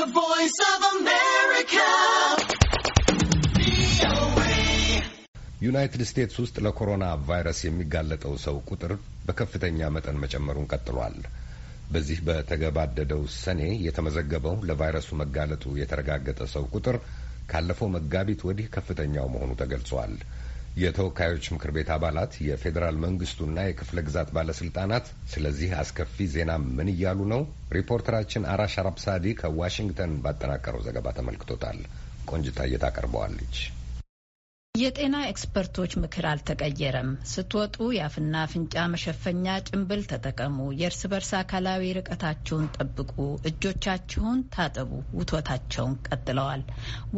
The Voice of America. ዩናይትድ ስቴትስ ውስጥ ለኮሮና ቫይረስ የሚጋለጠው ሰው ቁጥር በከፍተኛ መጠን መጨመሩን ቀጥሏል። በዚህ በተገባደደው ሰኔ የተመዘገበው ለቫይረሱ መጋለጡ የተረጋገጠ ሰው ቁጥር ካለፈው መጋቢት ወዲህ ከፍተኛው መሆኑ ተገልጿል። የተወካዮች ምክር ቤት አባላት የፌዴራል መንግስቱና የክፍለ ግዛት ባለስልጣናት ስለዚህ አስከፊ ዜና ምን እያሉ ነው? ሪፖርተራችን አራሽ አራብሳዲ ከዋሽንግተን ባጠናቀረው ዘገባ ተመልክቶታል። ቆንጅታ እየታቀርበዋለች። የጤና ኤክስፐርቶች ምክር አልተቀየረም። ስትወጡ የአፍና አፍንጫ መሸፈኛ ጭንብል ተጠቀሙ፣ የእርስ በርስ አካላዊ ርቀታችሁን ጠብቁ፣ እጆቻችሁን ታጠቡ ውትወታቸውን ቀጥለዋል።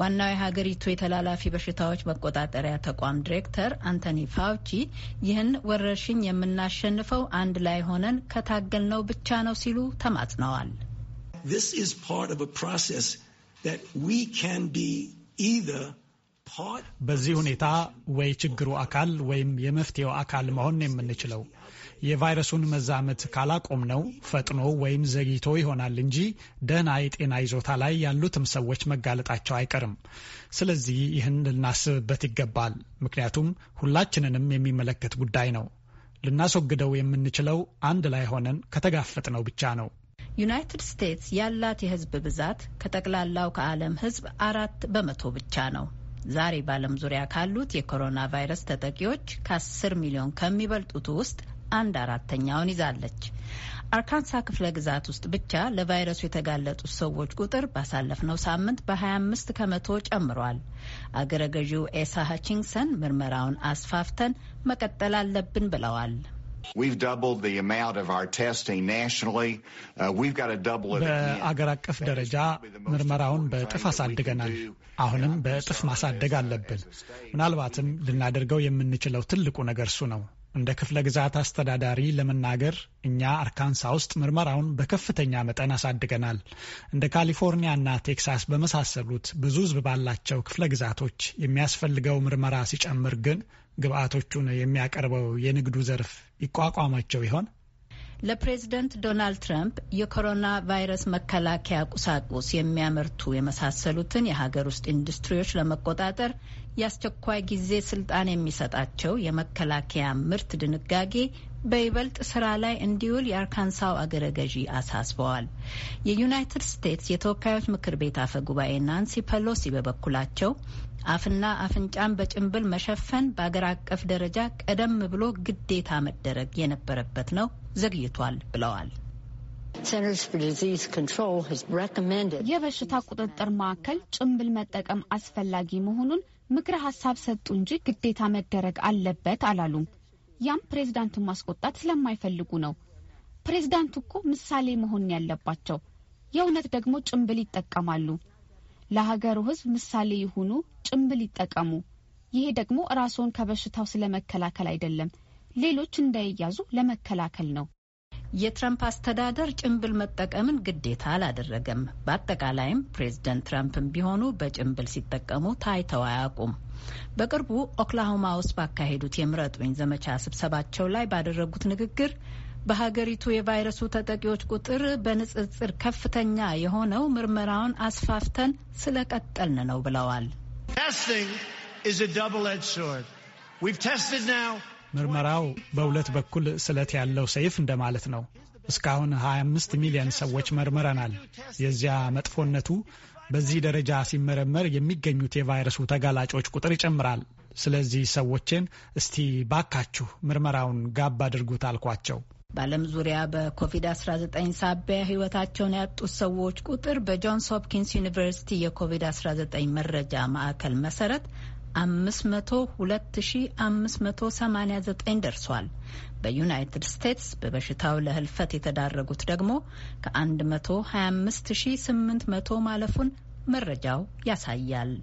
ዋናው የሀገሪቱ የተላላፊ በሽታዎች መቆጣጠሪያ ተቋም ዲሬክተር አንቶኒ ፋውቺ ይህን ወረርሽኝ የምናሸንፈው አንድ ላይ ሆነን ከታገልነው ብቻ ነው ሲሉ ተማጽነዋል። This is part of a process that we can be either በዚህ ሁኔታ ወይ ችግሩ አካል ወይም የመፍትሄው አካል መሆን የምንችለው የቫይረሱን መዛመት ካላቆም ነው። ፈጥኖ ወይም ዘግይቶ ይሆናል እንጂ ደህና የጤና ይዞታ ላይ ያሉትም ሰዎች መጋለጣቸው አይቀርም። ስለዚህ ይህን ልናስብበት ይገባል። ምክንያቱም ሁላችንንም የሚመለከት ጉዳይ ነው። ልናስወግደው የምንችለው አንድ ላይ ሆነን ከተጋፈጥነው ብቻ ነው። ዩናይትድ ስቴትስ ያላት የህዝብ ብዛት ከጠቅላላው ከዓለም ህዝብ አራት በመቶ ብቻ ነው። ዛሬ በዓለም ዙሪያ ካሉት የኮሮና ቫይረስ ተጠቂዎች ከ10 ሚሊዮን ከሚበልጡት ውስጥ አንድ አራተኛውን ይዛለች። አርካንሳ ክፍለ ግዛት ውስጥ ብቻ ለቫይረሱ የተጋለጡት ሰዎች ቁጥር ባሳለፍነው ሳምንት በ25 ከመቶ ጨምሯል። አገረ ገዢው ኤሳ ሀቺንግሰን ምርመራውን አስፋፍተን መቀጠል አለብን ብለዋል። በአገር አቀፍ ደረጃ ምርመራውን በእጥፍ አሳድገናል። አሁንም በእጥፍ ማሳደግ አለብን። ምናልባትም ልናደርገው የምንችለው ትልቁ ነገር እሱ ነው። እንደ ክፍለ ግዛት አስተዳዳሪ ለመናገር እኛ አርካንሳ ውስጥ ምርመራውን በከፍተኛ መጠን አሳድገናል። እንደ ካሊፎርኒያና ቴክሳስ በመሳሰሉት ብዙ ሕዝብ ባላቸው ክፍለ ግዛቶች የሚያስፈልገው ምርመራ ሲጨምር ግን ግብአቶቹን የሚያቀርበው የንግዱ ዘርፍ ይቋቋማቸው ይሆን? ለፕሬዝደንት ዶናልድ ትራምፕ የኮሮና ቫይረስ መከላከያ ቁሳቁስ የሚያመርቱ የመሳሰሉትን የሀገር ውስጥ ኢንዱስትሪዎች ለመቆጣጠር የአስቸኳይ ጊዜ ስልጣን የሚሰጣቸው የመከላከያ ምርት ድንጋጌ በይበልጥ ስራ ላይ እንዲውል የአርካንሳው አገረ ገዢ አሳስበዋል። የዩናይትድ ስቴትስ የተወካዮች ምክር ቤት አፈ ጉባኤ ናንሲ ፐሎሲ በበኩላቸው አፍና አፍንጫን በጭንብል መሸፈን በአገር አቀፍ ደረጃ ቀደም ብሎ ግዴታ መደረግ የነበረበት ነው፣ ዘግይቷል ብለዋል። የበሽታ ቁጥጥር ማዕከል ጭንብል መጠቀም አስፈላጊ መሆኑን ምክረ ሀሳብ ሰጡ እንጂ ግዴታ መደረግ አለበት አላሉም። ያም ፕሬዝዳንቱን ማስቆጣት ስለማይፈልጉ ነው። ፕሬዝዳንቱ እኮ ምሳሌ መሆን ያለባቸው፣ የእውነት ደግሞ ጭምብል ይጠቀማሉ። ለሀገሩ ሕዝብ ምሳሌ ይሁኑ፣ ጭንብል ይጠቀሙ። ይሄ ደግሞ ራስዎን ከበሽታው ስለመከላከል አይደለም፣ ሌሎች እንዳይያዙ ለመከላከል ነው። የትራምፕ አስተዳደር ጭንብል መጠቀምን ግዴታ አላደረገም። በአጠቃላይም ፕሬዝደንት ትራምፕም ቢሆኑ በጭንብል ሲጠቀሙ ታይተው አያውቁም። በቅርቡ ኦክላሆማ ውስጥ ባካሄዱት የምረጡኝ ዘመቻ ስብሰባቸው ላይ ባደረጉት ንግግር በሀገሪቱ የቫይረሱ ተጠቂዎች ቁጥር በንጽጽር ከፍተኛ የሆነው ምርመራውን አስፋፍተን ስለቀጠልን ነው ብለዋል። ምርመራው በሁለት በኩል ስለት ያለው ሰይፍ እንደማለት ነው። እስካሁን 25 ሚሊዮን ሰዎች መርምረናል። የዚያ መጥፎነቱ በዚህ ደረጃ ሲመረመር የሚገኙት የቫይረሱ ተጋላጮች ቁጥር ይጨምራል። ስለዚህ ሰዎችን እስቲ ባካችሁ ምርመራውን ጋብ አድርጉት አልኳቸው። በዓለም ዙሪያ በኮቪድ-19 ሳቢያ ሕይወታቸውን ያጡት ሰዎች ቁጥር በጆንስ ሆፕኪንስ ዩኒቨርሲቲ የኮቪድ-19 መረጃ ማዕከል መሰረት 502589 ደርሷል። በዩናይትድ ስቴትስ በበሽታው ለህልፈት የተዳረጉት ደግሞ ከ125800 ማለፉን መረጃው ያሳያል።